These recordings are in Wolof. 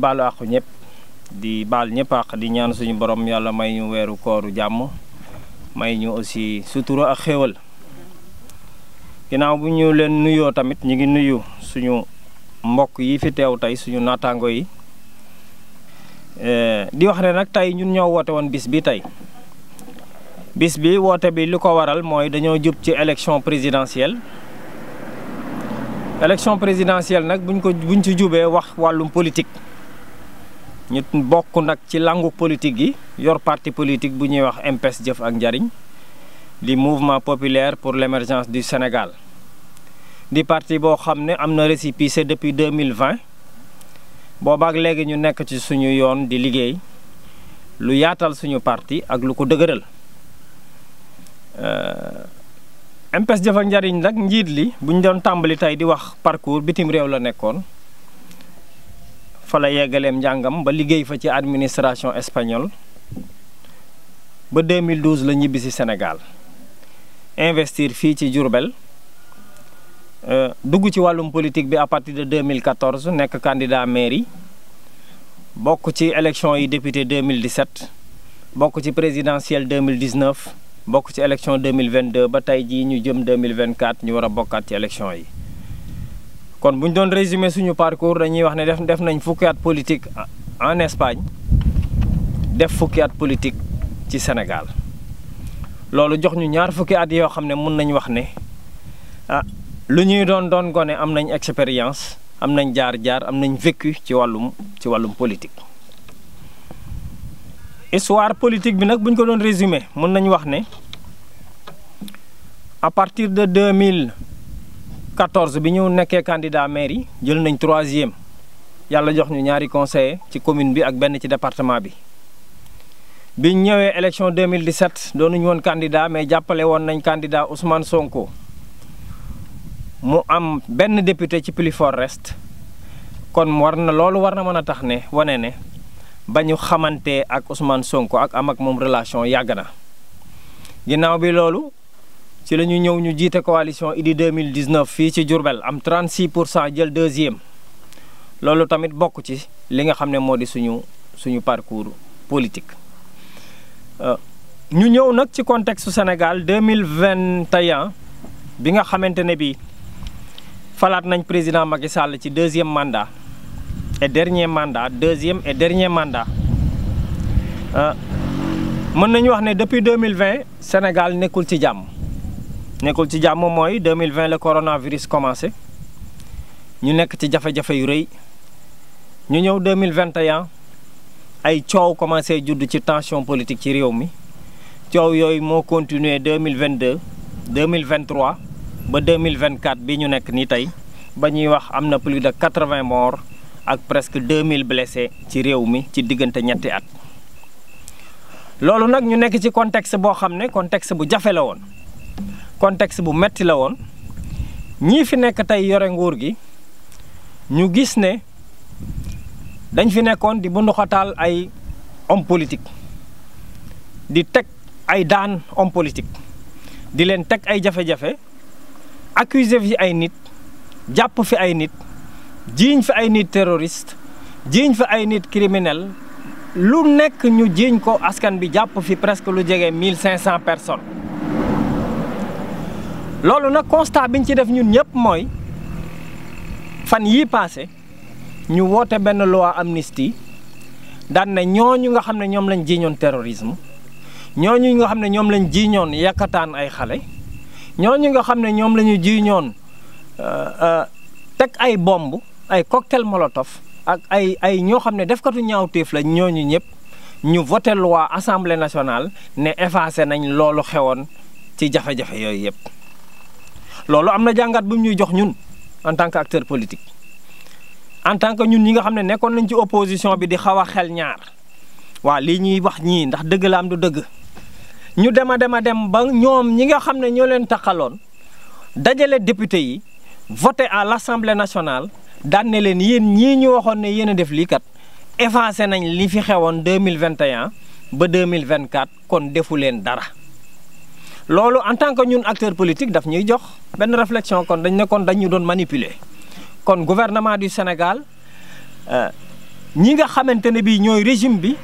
baalu àqu ñëpp di baal ñëpp àq di ñaan suñu borom yàlla may ñu weeru kooru jàmm may ñu aussi sutura ak xéewal ginnaaw bu ñu leen nuyoo tamit ñu ngi nuyu suñu mbokk yi fi teew tey suñu naataango yi eh, di wax ne nag tey ñun ñoo woote woon bis bi tey bis bi woote bi li ko waral mooy dañoo jub ci élection présidentielle élection présidentielle nag buñ ko buñ ci jubee wax wàllum politique ñu bokk nag ci langu politique yi yor parti politique bu ñuy wax MPES jëf ak njariñ di mouvement populaire pour l'émergence du Sénégal di parti boo xam ne am na récépissé depuis 2020 boobaak léegi ñu nekk ci suñu yoon di liggéey lu yaatal suñu parti ak lu ko dëgëral euh, MPES jëf ak njariñ nag njiit li bu ñu doon tàmbali tey di wax parcours bitim réew la nekkoon fa la yeggaleem njàngam ba liggéey fa ci administration espagnole ba 2012 la ñibbi si Sénégal investir fii ci Diourbel euh, dugg ci wàllum politique bi à partir de 2014 nekk candidat mairie bokk ci élection yi député 2017 bokk ci présidentielle 2019 bokk ci élection 2022 ba tey jii ñu jëm 2024 ñu war a bokkaat ci élection yi. kon bu ñu doon résumer suñu parcours dañuy wax ne def def nañ fukki at politique en Espagne def fukki at politique ci Sénégal loolu jox ñu ñaar fukki at yoo xam ne mun nañ wax ne ah lu ñuy doon doon gone am nañ expérience am nañ jaar-jaar am nañ vécu ci wàllum ci wàllum politique. histoire politique bi nag bu ñu ko doon résumer mun nañu wax ne à partir de 2000. 2014 bi ñu nekkee candidat maire yi jël nañ troisième yàlla jox ñu ñaari conseiller ci commune bi ak benn ci département bi biñ ñëwee élection 2017 doonuñu woon candidat mais jàppale woon nañ candidat Ousmane Sonko mu am benn député ci plus rest reste kon na loolu war na mën a tax ne wane ne ba ñu xamante ak Ousmane Sonko ak am ak moom relation yàgg na ginnaaw bi loolu ci la ñu ñëw ñu jiite coalition Idy 2019 fii ci Diourbel am 36 pour cent jël deuxième loolu tamit bokk ci li nga xam ne moo di suñu suñu parcours politique. Euh, ñu ñëw nag ci contexte Sénégal 2021 bi nga xamante ne bii falaat nañ président Macky Sall ci deuxième mandat et dernier mandat deuxième et dernier mandat. Euh, mën nañu wax ne depuis 2020 Sénégal nekkul ci jàmm. nekkul ci jàmm mooy 2020 la coronavirus commencé ñu nekk ci jafe-jafe yu rëy ñu ñëw 2021 ay coow commencé juddu ci tension politique ci réew mi coow yooyu moo continuer 2022 2023 ba 2024 bi ñu nekk nii tey ba ñuy wax am na plus de 80 morts ak presque 2000 blessés ci réew mi ci diggante ñetti at loolu nag ñu nekk ci contexte boo xam ne contexte bu jafe la woon contexte bu metti la woon ñii fi nekk tey yore nguur gi ñu gis ne dañ fi nekkoon di bunduxataal ay homme politique di teg ay daan homme politique di leen teg ay jafe-jafe accuser fi ay nit jàpp fi ay nit jiiñ fi ay nit terroriste jiiñ fi ay nit criminel lu nekk ñu jiiñ ko askan bi jàpp fi presque lu jege mille cinq cent personnes loolu nag constat bi ñu ci def ñun ñëpp mooy fan yii paase ñu woote benn loi amnistie daan na ñooñu nga xam ne ñoom lañ jiiñoon terrorisme ñooñu nga xam ne ñoom lañ jiñoon yàkkataan ay xale ñooñu nga xam ne ñoom la ñu jiiñoon euh, euh, teg ay bomb ay cocktail molotov ak ay ay ñoo xam ne def defkatu ñaawteef la ñooñu ñëpp ñu vote loi assemblée nationale ne effacé nañ loolu xewoon ci jafe-jafe yooyu yëpp. loolu am na jàngat bu ñuy jox ñun en tant que acteur politique en tant que ñun ñi nga xam ne nekkoon nañ ci opposition bi di xaw a xel ñaar waa lii ñuy wax ñii ndax dëgg la am du dëgg ñu dem a dem a dem ba ñoom ñi nga xam ne ñoo leen taxaloon dajale député yi voté à l'Assemblée nationale daan ne leen yéen ñii ñu waxoon ne yéen a def lii kat effacé nañ li fi xewoon 2021 ba 2024 kon defu leen dara loolu en tant que ñun acteur politique daf ñuy jox benn réflexion kon dañ nekkoon dañu doon manipuler kon gouvernement du Sénégal euh, ñi nga xamante ne bii ñooy régime bi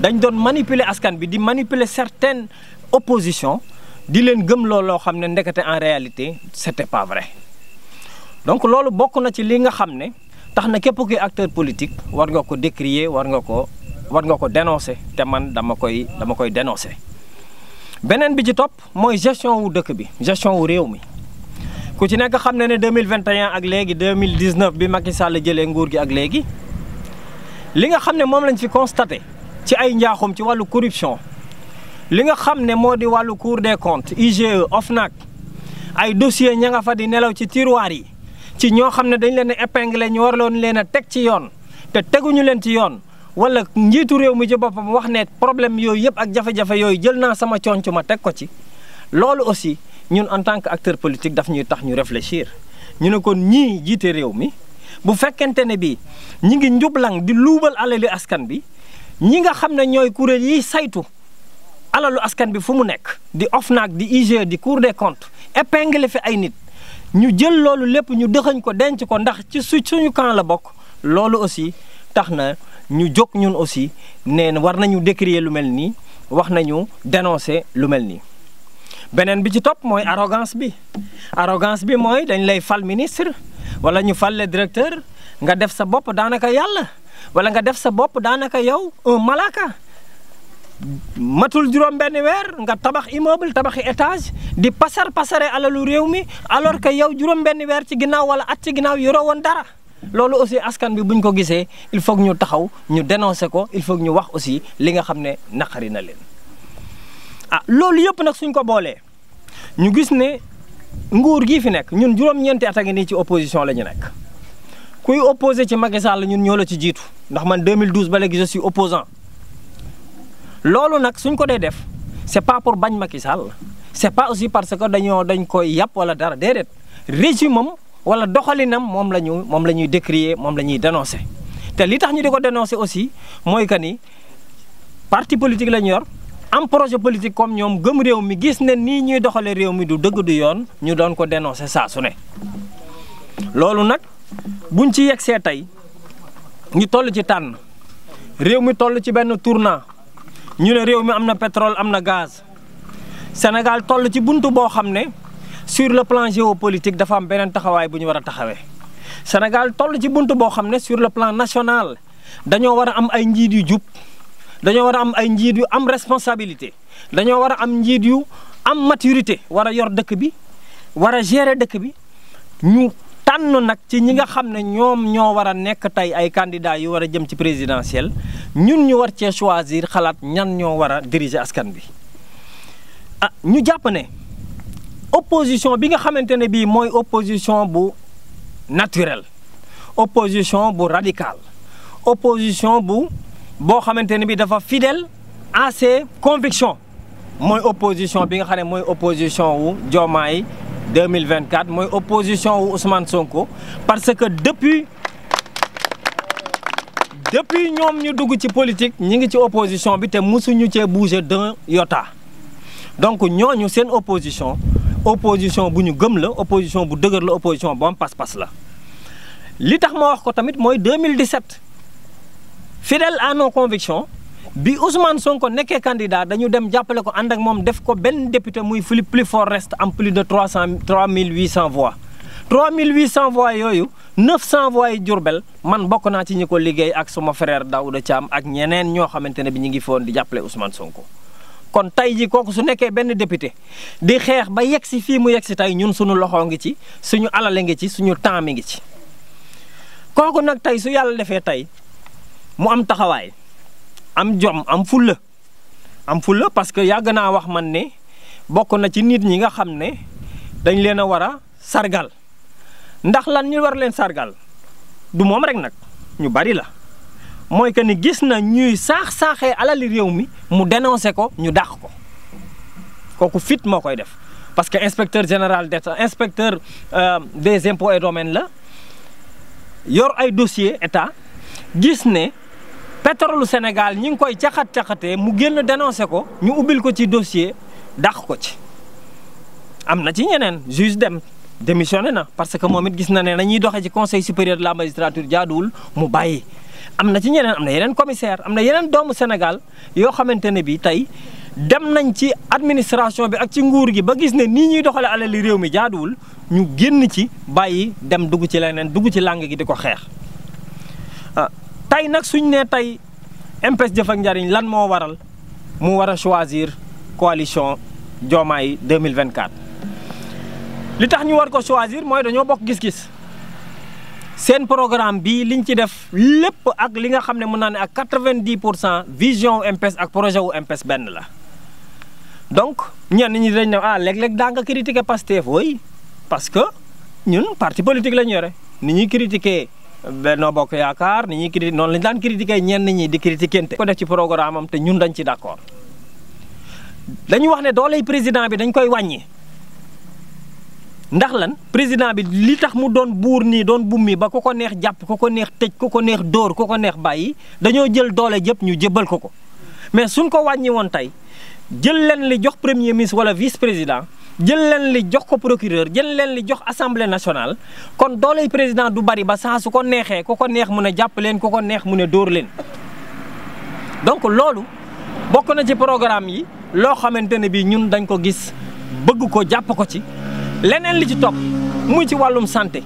dañ doon manipuler askan bi di manipuler certaines oppositions di leen gëm loolu loo xam ne ndekete en réalité c'était pas vrai donc loolu bokk na ci li nga xam ne tax na képp kuy acteur politique war nga ko décrier war nga ko war nga ko dénoncer te man dama koy dama koy dénoncer. beneen bi ci topp mooy gestion wu dëkk bi gestion wu réew mi ku ci nekk xam na ne 2021 ak léegi 2019 bi Macky Sall jëlee nguur gi ak léegi li nga xam ne moom lañ ci constaté ci ay njaaxum ci wàllu corruption li nga xam ne moo di wàllu Cour des comptes IGE OFNAC ay dossier ña nga fa di nelaw ci tiroir yi ci ñoo xam ne dañ leen a épinglé ñu war loon leen a teg ci yoon te teguñu leen ci yoon wala njiitu réew mi ci boppam wax ne problème yooyu yëpp ak jafe-jafe yooyu jël naa sama conc ma teg ko ci loolu aussi ñun en tant que acteur politique dafa ñuy tax ñu réfléchir ñu ne kon ñii jiite réew mi bu fekkente ne bii ñi ngi njublang di luubal alali askan bi ñi nga xam ne ñooy kuréel yi saytu alalu askan bi fu mu nekk di OFNAC di IGE di Cour des comptes épingle fi ay nit ñu jël loolu lépp ñu dëxañ ko denc ko ndax ci su suñu camp la bokk loolu aussi tax na ñu jóg ñun aussi nee war nañu décrier lu mel nii wax nañu dénoncer lu mel nii beneen bi ci topp mooy arrogance bi arrogance bi mooy dañ lay fal ministre wala ñu fal le directeur nga def sa bopp daanaka yàlla wala nga def sa bopp daanaka yow un malaka matul juróom benn weer nga tabax immeuble tabaxi étage di pasar pasare alalu réew mi alors que yow juróom benn weer ci ginnaaw wala at ci ginnaaw yoroo woon dara loolu aussi askan bi bu buñ ko gisee il faut ñu taxaw ñu dénoncer ko il faut ñu wax aussi li nga xam ne naqari na leen ah loolu yëpp nag suñ ko boolee ñu gis ne nguur gii fi nekk ñun juróom-ñeenti at a nii ci opposition la ñu nekk kuy opposé ci Macky Sall ñun ñoo la ci jiitu ndax man 2012 ba léegi je suis opposant loolu nag suñ ko dee def c'est pas pour bañ Macky Sall c'est pas aussi parce que dañoo dañ koy yàpp wala dara déedéet régime am wala doxalinam moom la ñu moom la ñuy décrier moom la ñuy dénoncé te li tax ñu di ko dénoncé aussi mooy que ni parti politique la ñu yor am projet politique comme ñoom gëm réew mi gis ne nii ñuy doxalee réew mi du dëgg du yoon ñu doon ko dénoncé saa su ne loolu nag buñ ci yegsee tey ñu toll ci tànn réew mi toll ci benn tourna ñu ne réew mi am na pétrole am na gaz Sénégal toll ci bunt boo xam ne sur le plan géopolitique dafa am beneen taxawaay bu ñu war a taxawee Sénégal toll ci bunt boo xam ne sur le plan national dañoo war a am ay njiit yu jub dañoo war a am ay njiit yu am responsabilité dañoo war a am njiit yu am maturité war a yor dëkk bi war a gérer dëkk bi ñu tànn nag ci ñi nga xam ne ñoom ñoo war a nekk tey ay candidats yu war a jëm ci présidentielle ñun ñu war cee choisir xalaat ñan ñoo war a diriger askan bi ah, ñu jàpp ne. opposition bi nga xamante ne bii mooy opposition bu naturelle opposition bu radicale opposition bu boo xamante ne bii dafa fidel à ses convictions mooy opposition bi nga xam ne mooy opposition wu Diomaye 2024 mooy opposition wu Ousmane Sonko parce que depuis depuis ñoom ñu dugg ci politique ñi ngi ci opposition bi te mësuñu cee bouger d'un iota donc ñooñu seen opposition opposition bu ñu gëm la opposition bu dëgër la opposition bu am pas la li tax ma wax ko tamit mooy 2017 fidèle à nos convictions bi Ousmane Sonko nekkee candidat dañu dem jàppale ko ànd ak moom def ko benn député muy Philippe Clifford reste am plus de 300 3800 voix 3800 voix yooyu 900 voix yi man bokk naa ci ñi ko liggéey ak suma frère Daouda Thiam ak ñeneen ñoo xamante ne bi ñu ngi foon di jàppale Ousmane Sonko. kon tey ji kooku su nekkee benn député di xeex ba yegg si fii mu yegg si tey ñun suñu loxo ngi ci suñu alale ngi ci suñu temps mi ngi ci kooku nag tey su yàlla defee tey mu am taxawaay am jom am fulla am fulla parce que yàgg naa wax man ne bokk na ci nit ñi nga xam ne dañ leen a war a sargal ndax lan ñu war leen sargal du moom rek nag ñu bari la mooy que ni gis na ñuy saax saaxee alali réew mi mu dénoncé ko ñu dàq ko kooku fit moo koy def parce que inspecteur général des inspecteur euh, des impôts et domaines la yor ay dossier état gis ne pétrole Sénégal ñi ngi koy caxat-caxatee mu génn dénoncé ko ñu ubbil ko ci dossier dàq ko ci am na ci ñeneen juge dem démissionné na parce que moom it gis na ne nañuy doxe ci conseil supérieur de la magistrature jaaduwul mu bàyyi am na ci ñeneen am na yeneen commissaire am na yeneen doomu senegal yoo xamante ne bi tey dem nañ ci administration bi ak ci nguur gi ba gis ne nii ñuy doxale alali réew mi jaaduwul ñu génn ci bàyyi dem dugg ci leneen dugg ci làng gi di ko xeex ah, tey nag suñ ne tey MPES Jëf Njariñ lan moo waral mu war a choisir coalition Diomaye 2024 li tax ñu war ko choisir mooy dañoo bokk gis-gis seen programme bi liñ ci def lépp ak li nga xam ne mën naa ne ak quatre-vingt-dix pour cent vision wu MPES ak projet u MPES benn la donc ñenn ñi dañ ne ah léeg-léeg daa nga critiquer Pastef oui parce que ñun parti politique la ñu yore ni ñuy critiquer Benno Bokk Yaakaar ni ñuy critiquer noonu lañ daan critiquer ñeen ñi di critiquer ko def ci programme te ñun dañ ci d'accord dañu wax ne dooley président bi dañ koy wàññi. ndax lan président bi li tax mu doon buur nii doon bummi ba ku ko neex jàpp ku ko neex tëj ku ko neex dóor ku ko neex bàyyi dañoo jël doole jëpp ñu jëbbal ko ko mais suñ ko wàññi woon tey jël leen li jox premier ministre wala vis président jël leen li jox ko procureur jël leen li jox assemblée nationale kon dooley président du bari ba saa su ko neexee ku ko neex mu ne jàpp leen ku ko neex mu ne dóor leen donc loolu bokk na ci programme yi loo xamante ne bii ñun dañ ko gis bëgg ko jàpp ko ci leneen li ci topp muy ci wàllum santé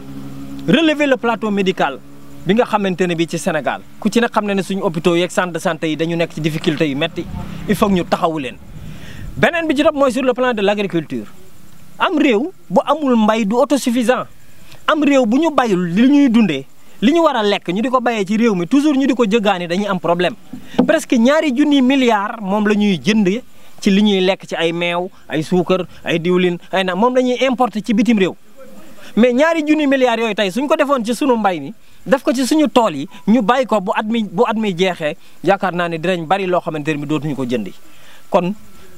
relever le plateau médical bi nga xamante ne bi ci Sénégal ku ci na xam ne ne suñu hôpitaux yeeg centre de santé yi dañu nekk ci difficulté yu métti il faut ñu taxawu leen beneen bi ci topp mooy sur le plan de l' agriculture am réew bu amul mbay du autosuffisant am réew bu ñu bayul li ñuy dundee li ñu war a lekk ñu di ko bayee ci réew mi toujours ñu di ko jëgaani dañuy am problème presque ñaari junni milliards moom la ñuy jënd ci li ñuy lekk ci ay meew ay suukar ay diwlin ay na moom lañuy ñuy importer ci bitim réew mais ñaari junni milliards yooyu tey suñ ko defoon ci sunu mbay mi def ko ci suñu tool yi ñu bàyyi ko bu at mi bu at mi jeexee yaakaar naa ne dinañ bari loo xamante ne bi dootuñu ko jëndi kon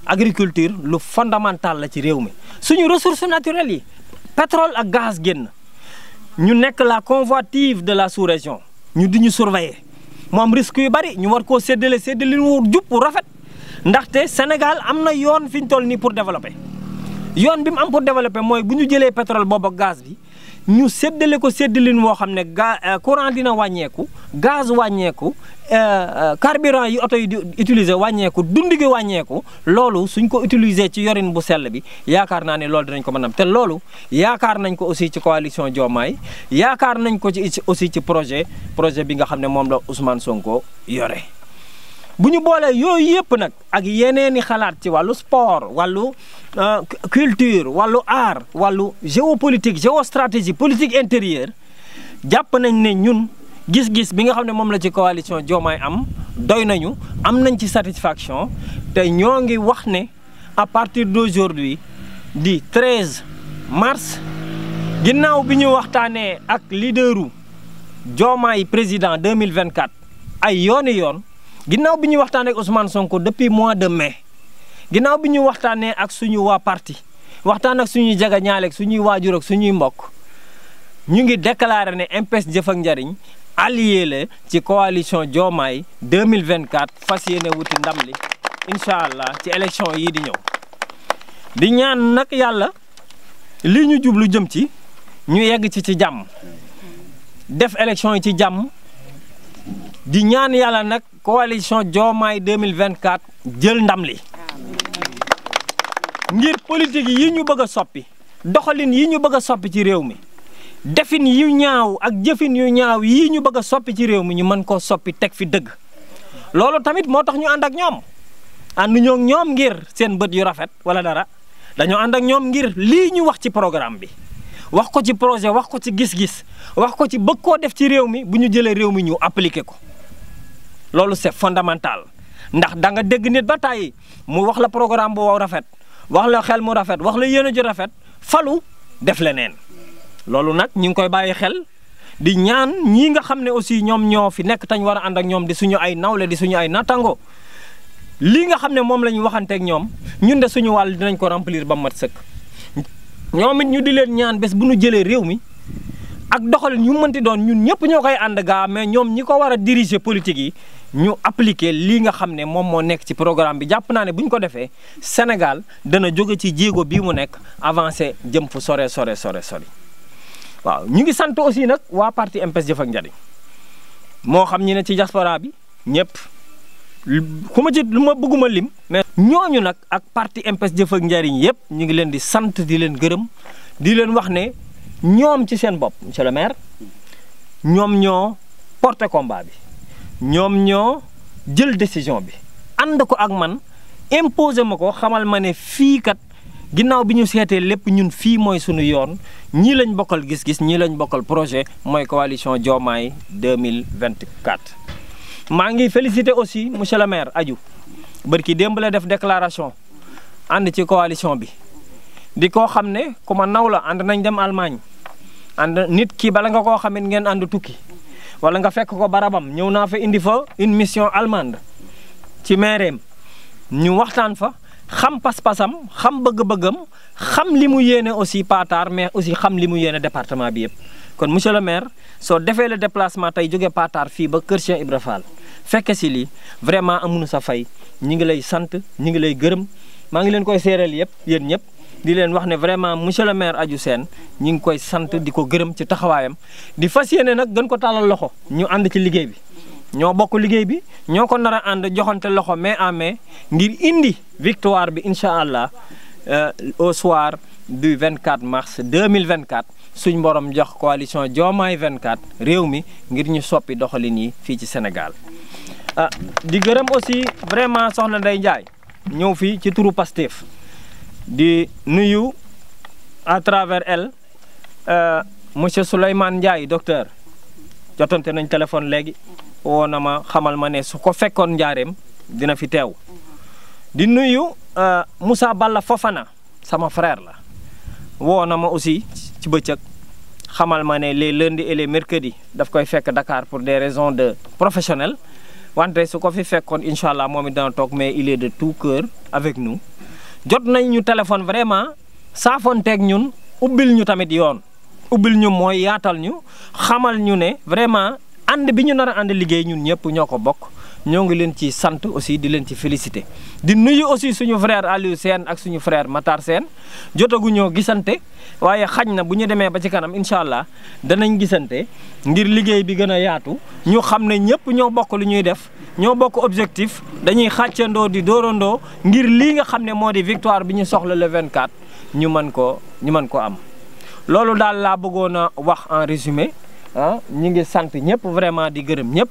agriculture lu fondamental la ci réew mi suñu ressources naturelles yi pétrole ak gaz génn ñu nekk la convoitise de la sous ñu di ñu surveiller mu am yu bari ñu war koo séddale séddale wu rafet. ndaxte Sénégal am na yoon fi ñu toll nii pour développer yoon bi mu am pour développer mooy bu ñu jëlee pétrole booba ak gaz bi ñu séddale ko séddalin woo xam ne ga euh, courant dina wàññeeku gaz wàññeeku euh, euh, carburant yi oto yi di utiliser wàññeeku dund wàññeeku loolu suñ ko utiliser ci yorin bu sell bi yaakaar naa ne loolu dinañ ko mën am te loolu yaakaar nañ ko aussi ci coalition Diomaye yaakaar nañ ko ci aussi ci projet projet bi nga xam ne moom la Ousmane Sonko yore. bu ñu boolee yooyu yëpp nag ak yeneeni xalaat ci wàllu sport wàllu euh, culture wàllu art wàllu géopolitique géostratégie politique intérieure jàpp nañ ne ñun gis-gis bi nga xam ne moom la ci coalition Diomaye am doy nañu am nañ ci satisfaction te ñoo ngi wax ne à partir d'aujourd'hui di 13 mars ginnaaw bi ñu waxtaanee ak leaderu Diomaye président 2024 ay yooni yoon ginnaaw bi ñuy waxtaanee ak Ousmane Sonko depuis mois de mai ginnaaw bi ñu waxtaanee ak suñu waa parti waxtaan ak suñuy jagañaale ak suñuy waajur ak suñuy mbokk ñu ngi déclaré ne MPES jëf ak njariñ allié la ci coalition Diomaye 2024 fas yéene wuti ndam li incha allah ci élection yi di ñëw di ñaan nag yàlla li ñu jublu jëm ci ñu yegg ci ci jàmm def élection yi ci jàmm di ñaan yàlla nag. coalition Diomaye 2024 jël ndam li ngir politique yi ñu bëgg a soppi doxalin yi ñu bëgg soppi ci réew mi defin yu ñaaw ak jëfin yu ñaaw yii ñu bëgg a soppi ci réew mi ñu mën koo soppi teg fi dëgg loolu tamit moo tax ñu ànd ak ñoom ànd ñoo ñoom ngir seen bët yu rafet wala dara dañoo ànd ak ñoom ngir lii ñu wax ci programme bi wax ko ci projet wax ko ci gis-gis wax ko ci bëgg koo def ci réew mi bu ñu jëlee réew mi ñu appliqué ko loolu c'est fondamental ndax danga dégg nit ba tàyyi mu wax la programme bu wow rafet wax la xel mu rafet wax la yéene ju rafet falu def leneen loolu nag ñu ngi koy bàyyi xel di ñaan ñii nga xam ne aussi ñoom ñoo fi nekk tañ war a ànd ak ñoom di suñu ay nawle di suñu ay nattango lii nga xam ne moom la ñu waxanteeg ñoom ñun de suñu wàll dinañ ko remplir ba mu mat sëkk ñoom it ñu di leen ñaan bés bu ñu jëlee réew mi ak doxalin yu mënti doon ñun ñëpp ñoo koy ànd gaa mais ñoom ñi ko war a diriger politique yi ñu appliquer lii nga xam ne moom moo nekk ci programme bi jàpp naa ne bu ko defee Sénégal dana jóge ci jéego bii mu nekk avancé jëm fu sore sore sore sori waaw ñu ngi sant aussi nag waa parti MPES Jëf ak Njariñ moo xam ñi ne ci diaspora bi ñëpp ku ma ci lu ma bëgguma lim. mais ñooñu nag ak parti MPES Jëf ak Njariñ yëpp ñu ngi leen di sant di leen gërëm di leen wax ne ñoom ci seen bopp monsieur le maire ñoom ñoo porté combat bi. ñoom ñoo jël décision bi ànd ko ak man imposé ma ko xamal ma ne fii kat ginnaaw bi ñu seetee lépp ñun fii mooy sunu yoon ñii lañ bokkal gis-gis ñii lañ bokkal projet mooy coalition Diomaye 2024. maa ngi félicité aussi monsieur le maire Adiou bërki démb la def déclaration ànd ci coalition bi di ko xam ne ku ma naw la ànd nañ dem Allemagne ànd nit ki bala nga koo xamit ngeen ànd tukki. wala nga fekk ko barabam ñëw naa fa indi fa une mission allemande ci meereem ñu waxtaan fa xam pas-pasam xam bëgg-bëggam xam li mu yéene aussi Paatar mais aussi xam li mu yéene département bi yëpp kon monsieur le maire soo defee le déplacement tey jóge Paatar fii ba Kër Cheikh Ibra Fall si lii vraiment amuñu sa fay ñu ngi lay sant ñu ngi lay gërëm maa ngi leen koy séeral yëpp yéen ñëpp di leen wax ne vraiment monsieur le maire Adiou seen ñu ngi koy sant di ko gërëm ci taxawaayam di fas yéene nag gën ko tàllal loxo ñu ànd ci liggéey bi. ñoo bokk liggéey bi ñoo ko nar a ànd joxante loxo mais en mais ngir indi victoire bi incha allah euh, au soir du 24 mars 2024 suñ borom jox coalition Diomaye 24 réew mi ngir ñu soppi doxalin yi fii ci Sénégal. ah di gërëm aussi vraiment soxna Ndeye Ndiaye ñëw fii ci turu Pastef. di nuyu à travers elle euh, monsieur Souleymane Ndiaye docteur jotonte nañ téléphone léegi woo na ma xamal ma ne su ko fekkoon njaareem dina fi teew di nuyu euh, Moussa Balla Fofana sama frère la woo na ma aussi ci bëccëg xamal ma ne les lundis et les mercredis daf koy fekk Dakar pour des raisons de professionnelles wante su ko fi fekkoon incha allah moom it dana toog mais il de tout cœur avec nous jot nañ ñu téléphone vraiment saafonteeg ñun ubbil ñu tamit yoon ubbil ñu mooy yaatal ñu xamal ñu ne vraiment and bi ñu nar a ànd liggéey ñun ñëpp ñoo ko bokk ñoo ngi leen ci sant aussi di leen ci félicité di nuyu aussi suñu frère Aliou Sène ak suñu frère Matar Sène jotaguñoo gisante waaye xaj na bu ñu demee ba ci kanam incha allah danañ gisante ngir liggéey bi gën a yaatu ñu xam ne ñëpp ñoo bokk lu ñuy def ñoo bokk objectif dañuy xàccandoo di dóorandoo ngir lii nga xam ne moo di victoire bi ñu soxla le 24 ñu mën ko ñu mën ko am loolu daal laa bëggoon a wax en résumé ah ñu ngi sant ñëpp vraiment di gërëm ñëpp.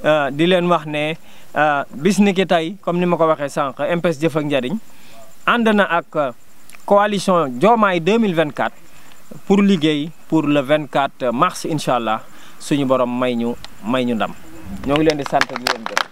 Euh, di leen wax ne euh, bis ni tey comme ni ma ko waxee sànq MPES jëf ak njariñ ànd na ak euh, coalition Diomaye 2024 pour liggéey pour le 24 mars incha allah suñu borom may ñu may ñu ndam ñoo ngi leen di sant di leen gërëm